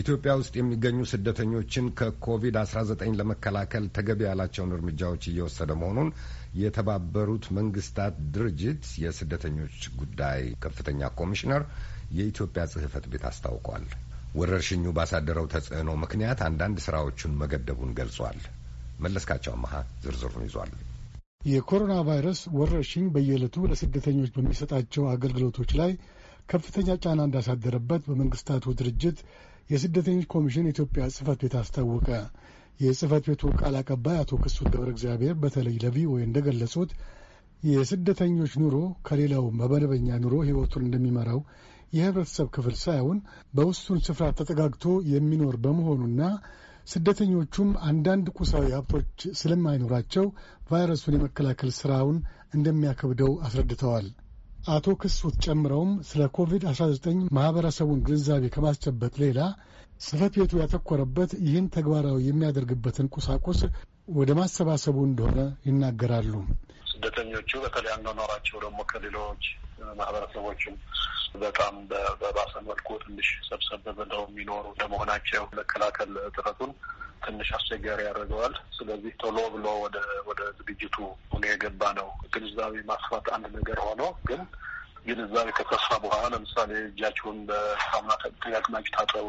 ኢትዮጵያ ውስጥ የሚገኙ ስደተኞችን ከኮቪድ-19 ለመከላከል ተገቢ ያላቸውን እርምጃዎች እየወሰደ መሆኑን የተባበሩት መንግስታት ድርጅት የስደተኞች ጉዳይ ከፍተኛ ኮሚሽነር የኢትዮጵያ ጽህፈት ቤት አስታውቋል። ወረርሽኙ ባሳደረው ተጽዕኖ ምክንያት አንዳንድ ስራዎቹን መገደቡን ገልጿል። መለስካቸው አመሃ ዝርዝሩን ይዟል። የኮሮና ቫይረስ ወረርሽኝ በየዕለቱ ለስደተኞች በሚሰጣቸው አገልግሎቶች ላይ ከፍተኛ ጫና እንዳሳደረበት በመንግስታቱ ድርጅት የስደተኞች ኮሚሽን የኢትዮጵያ ጽህፈት ቤት አስታወቀ። የጽህፈት ቤቱ ቃል አቀባይ አቶ ክሱት ገብረ እግዚአብሔር በተለይ ለቪኦኤ እንደገለጹት የስደተኞች ኑሮ ከሌላው በመደበኛ ኑሮ ህይወቱን እንደሚመራው የህብረተሰብ ክፍል ሳይሆን በውሱን ስፍራ ተጠጋግቶ የሚኖር በመሆኑና ስደተኞቹም አንዳንድ ቁሳዊ ሀብቶች ስለማይኖራቸው ቫይረሱን የመከላከል ስራውን እንደሚያከብደው አስረድተዋል። አቶ ክሱት ጨምረውም ስለ ኮቪድ-19 ማህበረሰቡን ግንዛቤ ከማስጨበጥ ሌላ ጽህፈት ቤቱ ያተኮረበት ይህን ተግባራዊ የሚያደርግበትን ቁሳቁስ ወደ ማሰባሰቡ እንደሆነ ይናገራሉ። ስደተኞቹ በተለይ አኗኗራቸው ደግሞ ከሌሎች ማህበረሰቦችም በጣም በባሰ መልኩ ትንሽ ሰብሰብ ብለው የሚኖሩ ለመሆናቸው መከላከል ጥረቱን ትንሽ አስቸጋሪ ያደርገዋል። ስለዚህ ቶሎ ብሎ ወደ ወደ ዝግጅቱ ሆኖ የገባ ነው። ግንዛቤ ማስፋት አንድ ነገር ሆኖ ግን ግንዛቤ ከተስፋ በኋላ ለምሳሌ እጃችሁን በሳሙና ተጠቅማችሁ ታጠቡ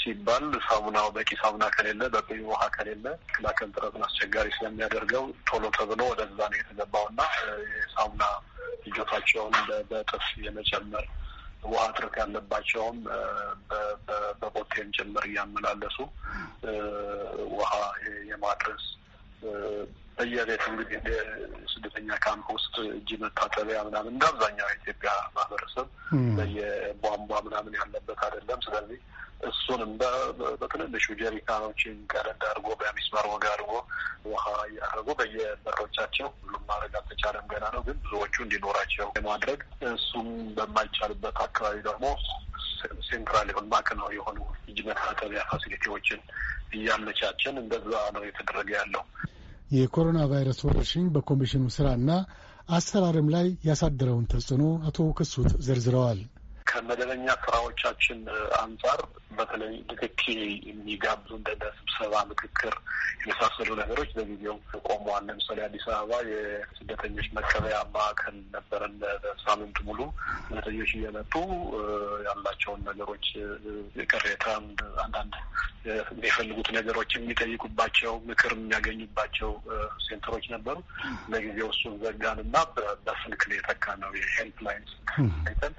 ሲባል ሳሙናው በቂ ሳሙና ከሌለ በቂ ውሃ ከሌለ ክላከል ጥረትን አስቸጋሪ ስለሚያደርገው ቶሎ ተብሎ ወደዛ ነው የተገባውና የሳሙና እጆታቸውን በጥፍ የመጨመር ውሃ እጥረት ያለባቸውም ሸቀጦችን ጭምር እያመላለሱ ውሃ የማድረስ በየቤት እንግዲህ ስደተኛ ካምፕ ውስጥ እጅ መታጠቢያ ምናምን እንደ አብዛኛው የኢትዮጵያ ማህበረሰብ በየቧንቧ ምናምን ያለበት አይደለም። ስለዚህ እሱንም በትንንሹ ጀሪካኖችን ቀደድ አድርጎ በሚስማር ወጋ አድርጎ ውሃ እያደረጉ በየበሮቻቸው ሁሉም ማድረግ አልተቻለም፣ ገና ነው። ግን ብዙዎቹ እንዲኖራቸው የማድረግ እሱም በማይቻልበት አካባቢ ደግሞ ሴንትራል የሆን ማዕከላዊ የሆኑ እጅ መታጠቢያ ፋሲሊቲዎችን እያመቻችን እንደዛ ነው የተደረገ ያለው። የኮሮና ቫይረስ ወረርሽኝ በኮሚሽኑ ስራና አሰራርም ላይ ያሳደረውን ተጽዕኖ አቶ ክሱት ዘርዝረዋል። ከመደበኛ ስራዎቻችን አንጻር በተለይ ንክኪ የሚጋብዙ እንደ ስብሰባ፣ ምክክር፣ የመሳሰሉ ነገሮች በጊዜው ቆመዋል። ለምሳሌ አዲስ አበባ የስደተኞች መቀበያ ማዕከል ነበረን። ሳምንት ሙሉ ስደተኞች እየመጡ ያላቸውን ነገሮች ቅሬታ፣ አንዳንድ የሚፈልጉት ነገሮች የሚጠይቁባቸው፣ ምክር የሚያገኙባቸው ሴንተሮች ነበሩ። ለጊዜው እሱን ዘጋን እና በስልክ ነው የተካ ነው የሄልፕላይን አይተን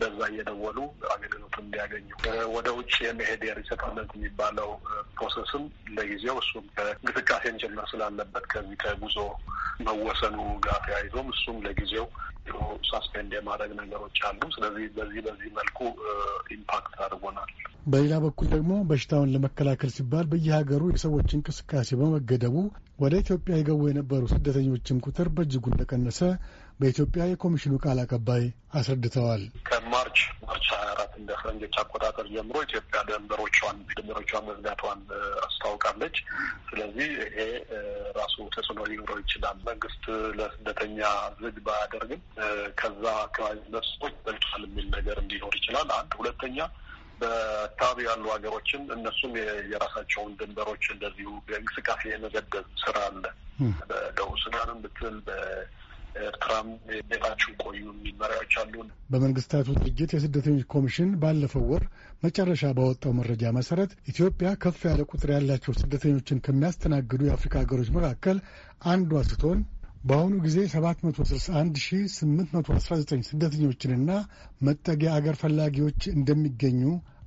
በዛ እየደወሉ አገልግሎቱን እንዲያገኙ ወደ ውጭ የመሄድ የሪሰትልመንት የሚባለው ፕሮሰስም ለጊዜው እሱም እንቅስቃሴን ጭምር ስላለበት ከዚህ ከጉዞ መወሰኑ ጋር ተያይዞም እሱም ለጊዜው ሳስፔንድ የማድረግ ነገሮች አሉ። ስለዚህ በዚህ በዚህ መልኩ ኢምፓክት አድርጎናል። በሌላ በኩል ደግሞ በሽታውን ለመከላከል ሲባል በየሀገሩ የሰዎች እንቅስቃሴ በመገደቡ ወደ ኢትዮጵያ የገቡ የነበሩ ስደተኞችም ቁጥር በእጅጉ እንደቀነሰ በኢትዮጵያ የኮሚሽኑ ቃል አቀባይ አስረድተዋል። ከማርች ማርች ሀያ አራት እንደ ፈረንጆች አቆጣጠር ጀምሮ ኢትዮጵያ ደንበሮቿን ድንበሮቿን መዝጋቷን አስታውቃለች። ስለዚህ ይሄ ራሱ ተጽዕኖ ሊኖረው ይችላል። መንግስት ለስደተኛ ዝግ ባያደርግም ከዛ አካባቢ ነፍሶች በልቷል የሚል ነገር እንዲኖር ይችላል። አንድ ሁለተኛ በአካባቢ ያሉ ሀገሮችም እነሱም የራሳቸውን ድንበሮች እንደዚሁ እንቅስቃሴ የመገደብ ስራ አለ። በደቡብ ሱዳንም ብትል በኤርትራም ቤታችሁ ቆዩ የሚል መሪያዎች አሉ። በመንግስታቱ ድርጅት የስደተኞች ኮሚሽን ባለፈው ወር መጨረሻ ባወጣው መረጃ መሰረት ኢትዮጵያ ከፍ ያለ ቁጥር ያላቸው ስደተኞችን ከሚያስተናግዱ የአፍሪካ ሀገሮች መካከል አንዷ ስትሆን በአሁኑ ጊዜ 761819 ስደተኞችንና መጠጊያ አገር ፈላጊዎች እንደሚገኙ